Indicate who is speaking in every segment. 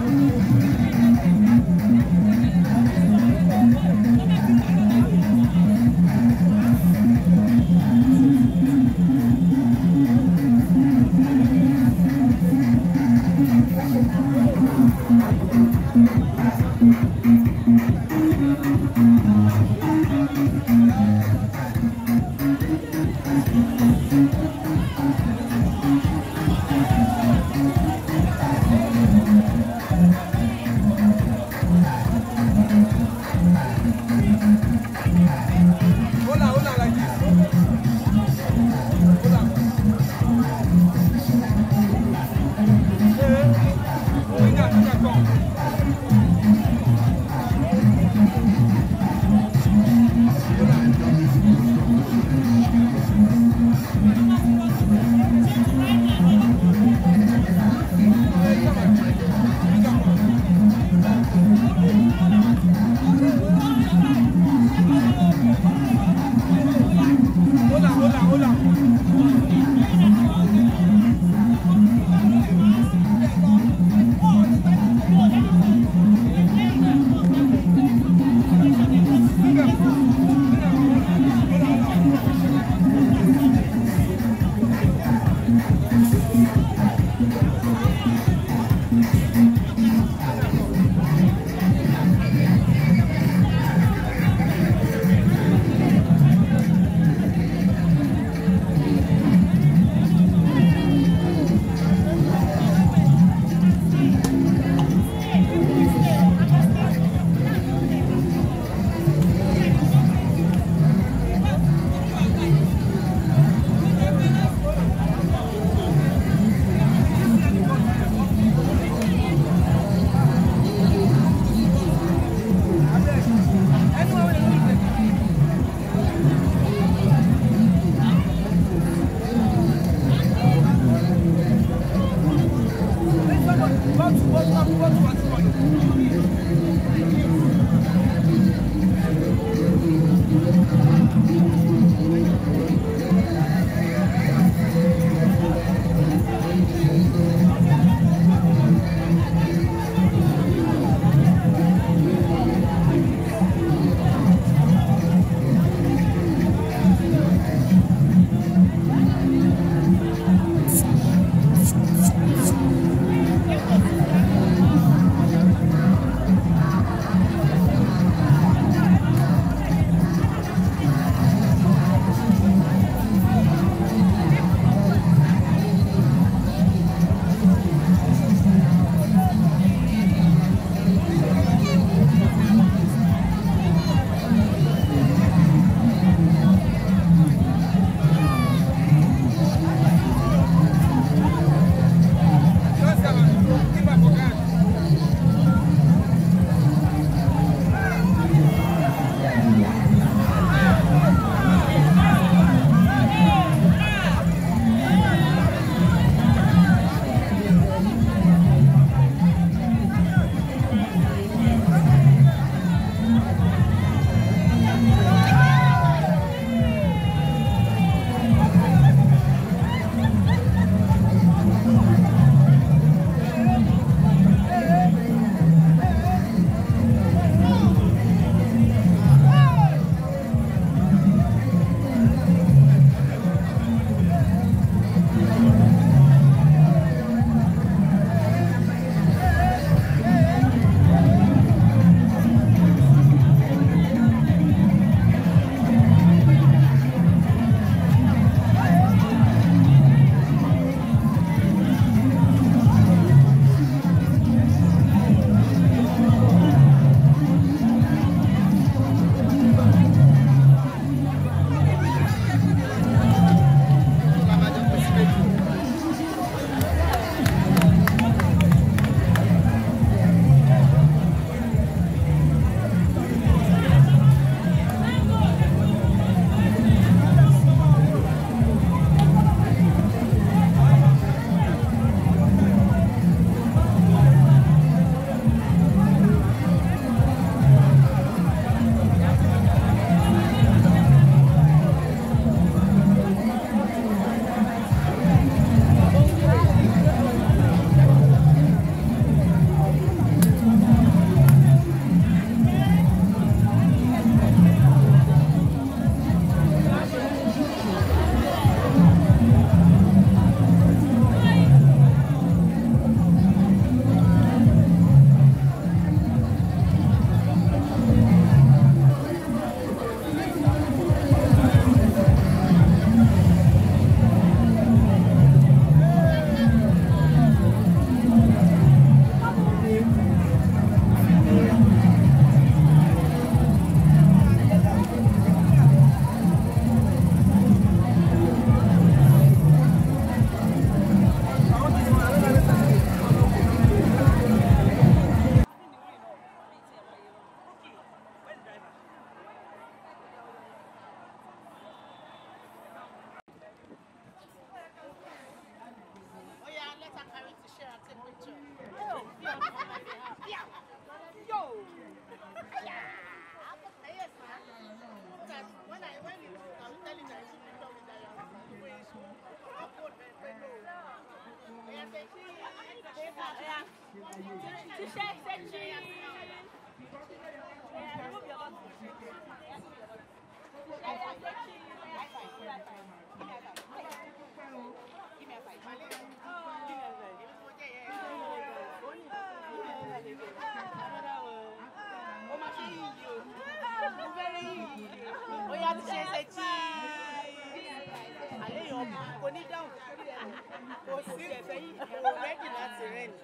Speaker 1: Thank you. Check, check, check. Yeah, remove your oxygen. Yeah, yeah, check, check. Give me a five. Give me a five. Give me a five. Give me a five. Oh, my God. Oh, very. Oh, you have to say, say, cheese. Àlẹ́ yọ̀ ọmọ kò ní dáhùn kò sí ẹ̀fẹ́ yìí kò rẹ́dì láti rẹ̀ ni.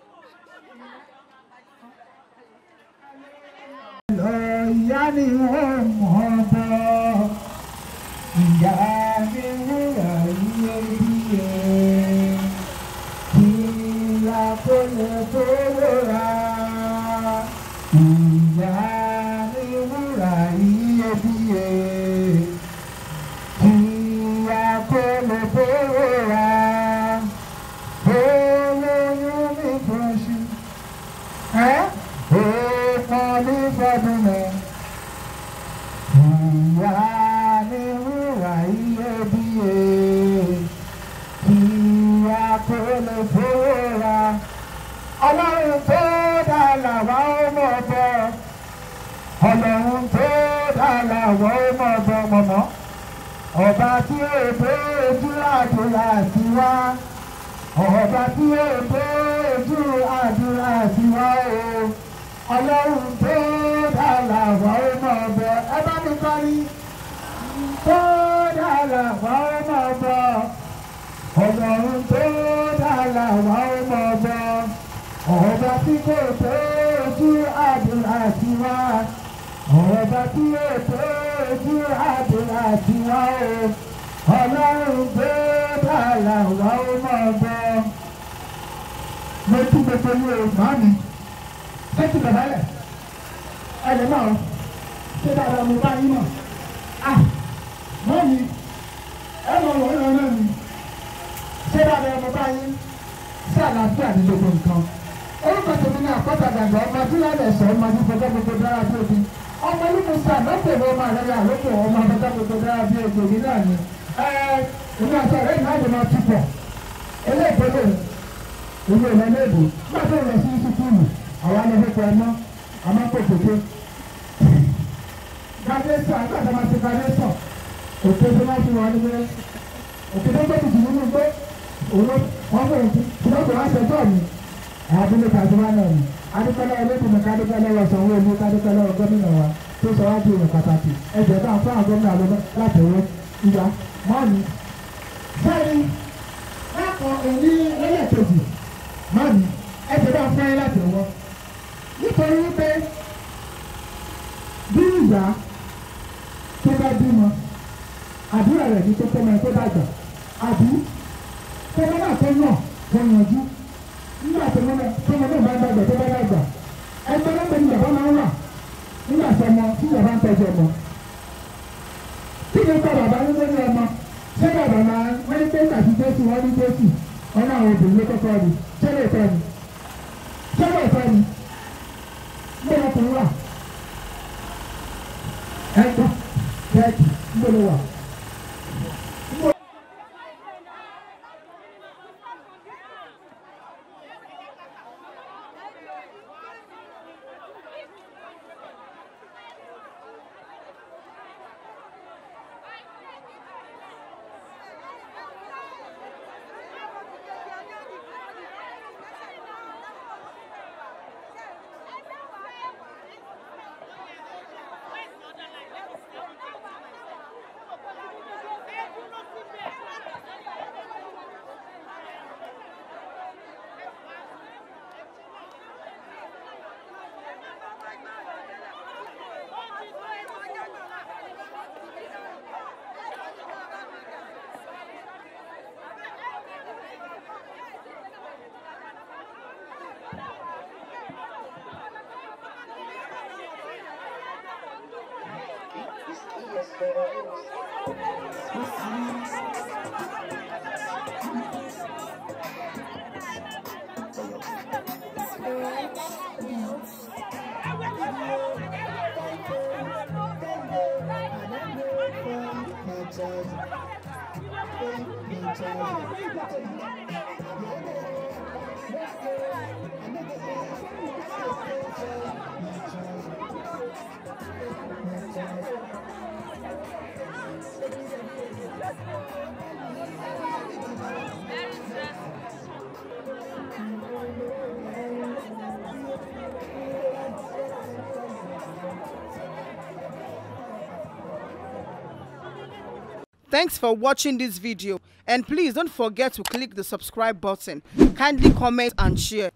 Speaker 1: yanihum hobo yanihum hobo ọba tí èbó ojú àdúrà sí wá ọba tí èbó ojú àdúrà sí wá o ọlọ́run tó dàlà wá ó mọ̀ bọ́ ẹ bá mi parí tó dàlà wá ó mọ̀ bọ́ ọlọ́run tó dàlà wá ó mọ̀ bọ́ ọba tí kò tó ojú àdúrà sí wá ọba tí èbó ojú àdúrà tiwa o ọlọ́run gbé bàlà wá ó máa bọ́. mo tún gbogbo ní o màá mi ṣé ti bàbá lẹ̀ ẹ lè máa ṣé dáadáa mo bá yín mọ̀ ah mọ́ mi ẹ máa wọ̀ ọ́ náà náà mi ṣé dáadáa mo bá yín sí àlàáfíà ní gbogbo nǹkan orúkọ tèmi ní àkọ́tà gbàgbọ́ ọmọ tí wọ́n lè sọ ọmọ tí gbogbo gbogbo dára tó bí ọmọ ní mo sà lọ́kọ̀ọ́ ọmọ àlọ́yà lọ́kọ̀ọ́ ọmọ abẹ́tà gbogbo dára bí ètò mi náà ni ìlú àti ọ̀rẹ́ ìlú àjọ máa túbọ̀ ẹlẹ́gbẹ̀lẹ̀ ìlú ọ̀nà ẹlẹ́gbẹ̀ nígbà tó lọ sí sukùlù àwọn alẹ́gbẹ̀kọ̀ ẹ̀mọ́ amákòkòkò gàdésà nígbà tó máa ti gàdésà òkè tó máa ti wà nígbẹ́ òkè tó gbé tuntun nínú gbé òun ọgbọ̀n tó lọ́kọ̀ọ́ adúpẹ́lẹ́ olódùmọ̀ kádúpẹ́lẹ́ wọ Sanwó-Olú kádúpẹ́lẹ́ wọ gómìnà wa tó sọ wá di ìwé pàtàkì ẹgbẹ́ bá ń fún àwọn gómìnà lọ́wọ́ látẹ̀wé ìyá mọ́ni. sẹ́ni lákọ̀ èyí lẹ́yẹ̀ kejì mọ́ni ẹgbẹ́ bá ń fún ayé látẹ̀wọ́ nítorí wípé bí ìyá tó bá bímọ àdúrà rẹ̀ ní tó tọ́ mọ́ ẹ tó dàgbà àbí tọ́lá náà tó yàn tó yanjú múlẹ̀ tọ́mọ náà bá dàgbà tó bá dàgbà ẹgbẹ́ lọ́gbẹ́ ni bàbá máa ń wà nígbà tó ọmọ tí bàbá ń tọ́jú ọmọ. tí ní pa bàbá ní lórí ọmọ ṣé bàbá máa wọ́n ní pẹ́ẹ́tà sí jésù wọ́n ní jésù ọ̀nà àwọn obìnrin ló kọ́kọ́ rí ṣẹlẹ̀ ìtọ́ ni ṣẹlẹ̀ ìtọ́ ni gbé ọkùnrin wà ẹ̀kọ́ bẹ́ẹ̀kì gbé ló Oh, Thanks for watching this video and please don't forget to click the subscribe button. Kindly comment and share.